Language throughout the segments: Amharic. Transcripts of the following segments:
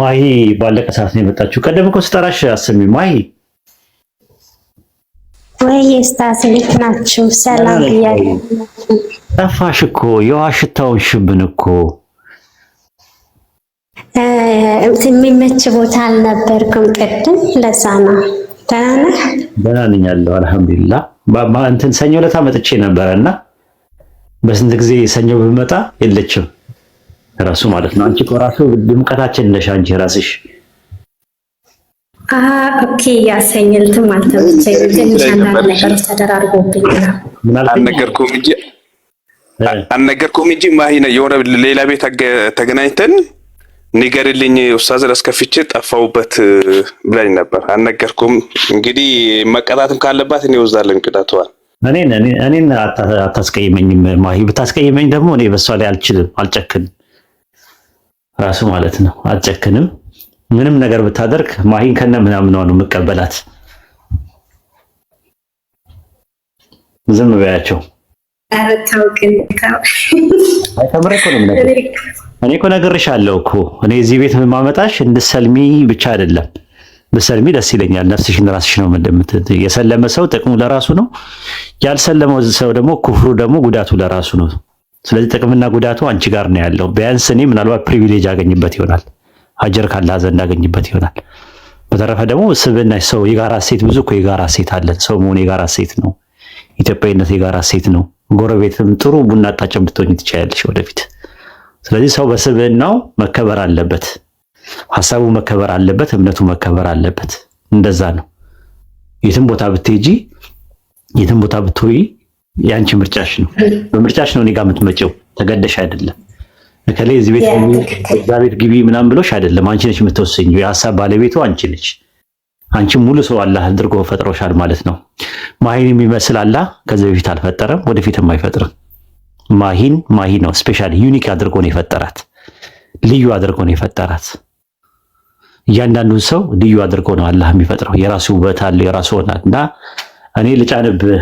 ማሂ ባለቀ ሰዓት ነው የመጣችሁ። ቀደም እኮ ስጠራሽ አስሚ ማሂ ወይ ስታስ እንዴት ናችሁ? ሰላም እያለ ጠፋሽ እኮ የውሃ ሽታውን ሽብን እኮ የሚመች ቦታ አልነበርኩም ቅድም፣ ለዛ ነው። ደህና ነህ? ደህና ነኝ አለሁ አልሐምዱሊላህ። እንትን ሰኞ ለታ መጥቼ ነበረ እና በስንት ጊዜ ሰኞ ብመጣ የለችም ራሱ ማለት ነው። አንቺ እኮ ድምቀታችን እንደሻ አንቺ ራስሽ። ኦኬ ያሰኝልትም አልተመቸኝ። ትንሽ አንዳንድ ነገሮች ተደራርጎብኝ አልነገርኩም እንጂ አልነገርኩም እንጂ ማሂነ የሆነ ሌላ ቤት ተገናኝተን ንገርልኝ ኡስታዝ አስከፍቼ ጠፋውበት ብላኝ ነበር። አልነገርኩም እንግዲህ መቀጣትም ካለባት እኔ ወዛለን ቅጣቷል። እኔን እኔን አታስቀይመኝም ማሂ። ብታስቀይመኝ ደግሞ እኔ በሷ ላይ አልችልም፣ አልጨክንም ራሱ ማለት ነው። አትጨክንም። ምንም ነገር ብታደርግ ማሂን ከነ ምናምኗ ነው የምቀበላት። ዝም በያቸው። ተምሬ እኮ ነው እኔ እኮ ነግሬሻለሁ እኮ እኔ እዚህ ቤት ማመጣሽ እንድትሰልሚ ብቻ አይደለም ብትሰልሚ ደስ ይለኛል። ነፍስሽን ራስሽ ነው እንደምትት የሰለመ ሰው ጥቅሙ ለራሱ ነው። ያልሰለመው ሰው ደግሞ ክፍሩ ደግሞ ጉዳቱ ለራሱ ነው። ስለዚህ ጥቅምና ጉዳቱ አንቺ ጋር ነው ያለው። ቢያንስ እኔ ምናልባት ፕሪቪሌጅ አገኝበት ይሆናል፣ አጀር ካለ ዘንድ አገኝበት ይሆናል። በተረፈ ደግሞ ስብና ሰው የጋራ ሴት ብዙ እኮ የጋራ ሴት አለን። ሰው መሆን የጋራ ሴት ነው። ኢትዮጵያዊነት የጋራ ሴት ነው። ጎረቤትም ጥሩ ቡና አጣጭም ልትሆኝ ትችላለሽ ወደፊት። ስለዚህ ሰው በስብናው መከበር አለበት፣ ሀሳቡ መከበር አለበት፣ እምነቱ መከበር አለበት። እንደዛ ነው። የትም ቦታ ብትሄጂ፣ የትም ቦታ ብትሆይ የአንቺ ምርጫሽ ነው። በምርጫሽ ነው እኔ ጋር የምትመጪው፣ ተገደሽ አይደለም። እከሌ እዚህ ቤት እግዚአብሔር ግቢ ምናምን ብሎሽ አይደለም። አንቺ ነች የምትወሰኝው። የሀሳብ ባለቤቱ አንቺ ነች። አንቺ ሙሉ ሰው አላህ አድርጎ ፈጥሮሻል ማለት ነው። ማሂን የሚመስል አላህ ከዚህ በፊት አልፈጠረም፣ ወደፊትም አይፈጥርም። ማሂን ማሂ ነው። ስፔሻል ዩኒክ አድርጎ ነው የፈጠራት፣ ልዩ አድርጎ ነው የፈጠራት። እያንዳንዱ ሰው ልዩ አድርጎ ነው አላህ የሚፈጥረው። የራሱ ውበት አለው፣ የራሱ ሆናት እና እኔ ልጫንብህ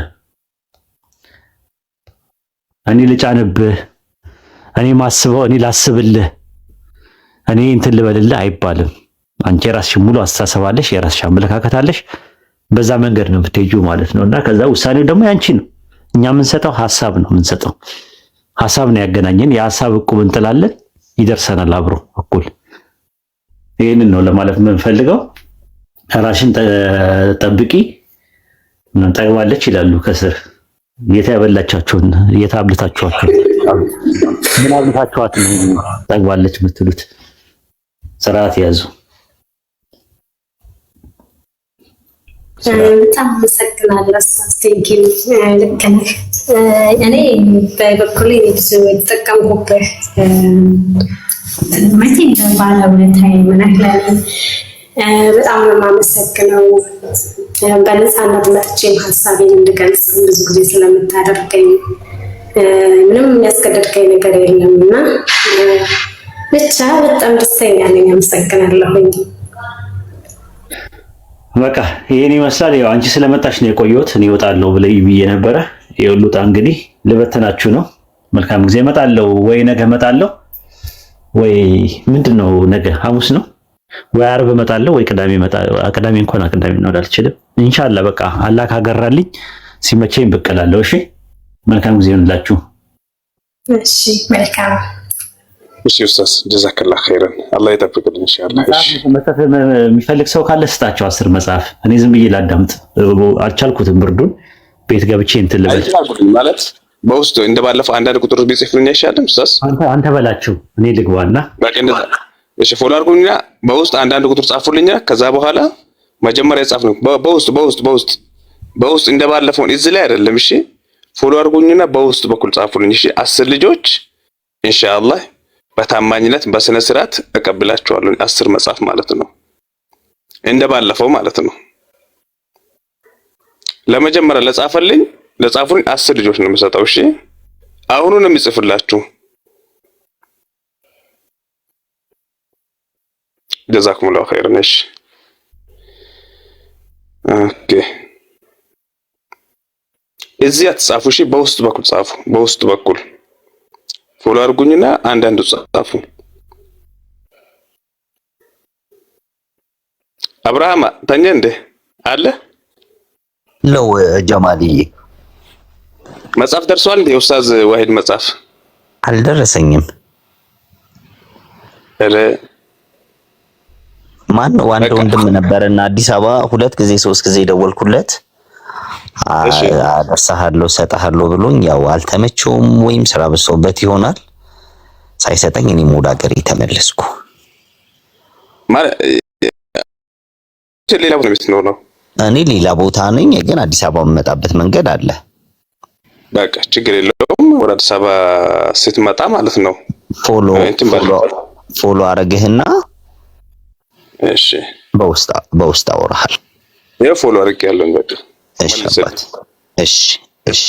እኔ ልጫንብህ፣ እኔ ማስበው፣ እኔ ላስብልህ፣ እኔ እንትን ልበልልህ አይባልም። አንቺ የራስሽ ሙሉ አስተሳሰብ አለሽ፣ የራስሽ አመለካከት አለሽ። በዛ መንገድ ነው የምትሄጂው ማለት ነው። እና ከዛ ውሳኔው ደግሞ ያንቺ ነው። እኛ የምንሰጠው ሀሳብ ነው የምንሰጠው ሀሳብ ነው ያገናኘን። የሀሳብ እቁብ እንጥላለን፣ ይደርሰናል አብሮ እኩል። ይህንን ነው ለማለት የምንፈልገው። ራሽን ጠብቂ። ጠግባለች ይላሉ ከስር የት ያበላቻችሁን የት አብልታችኋት ምን አብልታችኋት ጠግባለች የምትሉት? ስርዓት ያዙ። በጣም አመሰግናለሁ። አስታስቴንኪን ልክ ነህ። እኔ በበኩሌ ብዙ የተጠቀምኩበት መቼ ባለውለታዬ ምን አክላለ በጣም ነው የማመሰግነው። በነፃነት መጥቼም ሀሳቤን እንድገልጽ ብዙ ጊዜ ስለምታደርገኝ ምንም የሚያስገደድከኝ ነገር የለም እና ብቻ በጣም ደስተኛ ነኝ። አመሰግናለሁኝ። በቃ ይህን ይመስላል። ያው አንቺ ስለመጣሽ ነው የቆየሁት። እኔ እወጣለሁ ብለይ ብዬ ነበረ። የሁሉጣ እንግዲህ ልበተናችሁ ነው። መልካም ጊዜ። እመጣለሁ ወይ ነገ እመጣለሁ ወይ ምንድን ነው ነገ ሐሙስ ነው ወይ አርብ እመጣለሁ ወይ ቅዳሜ እመጣለሁ። ቅዳሜ እንኳን ቅዳሜ ነው አልችልም። ኢንሻአላህ በቃ አላህ ካገራልኝ ሲመቸኝ ብቅ እላለሁ። እሺ መልካም ጊዜ ይሁንላችሁ። እሺ መልካም እሺ። ኡስታዝ ጀዛከላ ኸይረን አላህ ይጠብቅልን። ኢንሻአላህ እሺ። መጽሐፍ የሚፈልግ ሰው ካለ ስጣቸው አስር መጽሐፍ። እኔ ዝም ብዬ ላዳምጥ አልቻልኩትም። ብርዱን ቤት ገብቼ እንትን ልበል ማለት በውስጡ እንደባለፈው አንዳንድ ቁጥሮች ቢጽፍልኝ አይሻልም ኡስታዝ? አንተ በላችሁ እኔ ልግባና በቃ እንደዛ እሺ ፎሎ አድርጉኝና በውስጥ አንዳንድ ቁጥር ጻፉልኝና ከዛ በኋላ መጀመሪያ ጻፍ ነው። በውስጥ በውስጥ በውስጥ በውስጥ እንደባለፈው እዚህ ላይ አይደለም። እሺ ፎሎ አድርጉኝና በውስጥ በኩል ጻፉልኝ። እሺ አስር ልጆች ኢንሻአላህ በታማኝነት በስነ ስርዓት እቀብላቸዋለሁ። አስር መጽሐፍ ማለት ነው፣ እንደባለፈው ማለት ነው። ለመጀመሪያ ለጻፈልኝ ለጻፉልኝ አስር ልጆች ነው የምሰጠው። እሺ አሁኑ ነው የሚጽፍላችሁ። ጀዛኩሙላሁ ኸይረን። እሺ ኦኬ። እዚህ አትጻፉ፣ እሺ በውስጥ በኩል ጻፉ። በውስጥ በኩል ፎሎ አድርጉኝና አንዳንዱ ጻፉ። አብርሃም ተኛ እንዴ አለ ነው ጀማልዬ መጽሐፍ ደርሷል እንዴ? ኡስታዝ ዋሂድ መጽሐፍ አልደረሰኝም። ማን ነው ወንድም ነበር እና አዲስ አበባ ሁለት ጊዜ ሶስት ጊዜ ደወልኩለት። አደርሳሃለሁ ሰጠሃለሁ ብሎኝ ያው አልተመቸውም ወይም ስራ በሰውበት ይሆናል ሳይሰጠኝ እኔም ወደ ሀገሬ ተመለስኩ። እኔ ሌላ ቦታ ነኝ፣ ግን አዲስ አበባ የምመጣበት መንገድ አለ። በቃ ችግር የለውም። ወደ አዲስ አበባ ስትመጣ ማለት ነው ፎሎ ፎሎ አረግህና እሺ፣ በውስጥ በውስጥ አወራሃል። ይሄ ፎሎ አድርጌያለሁ። እንግዲህ እሺ፣ አባት እሺ፣ እሺ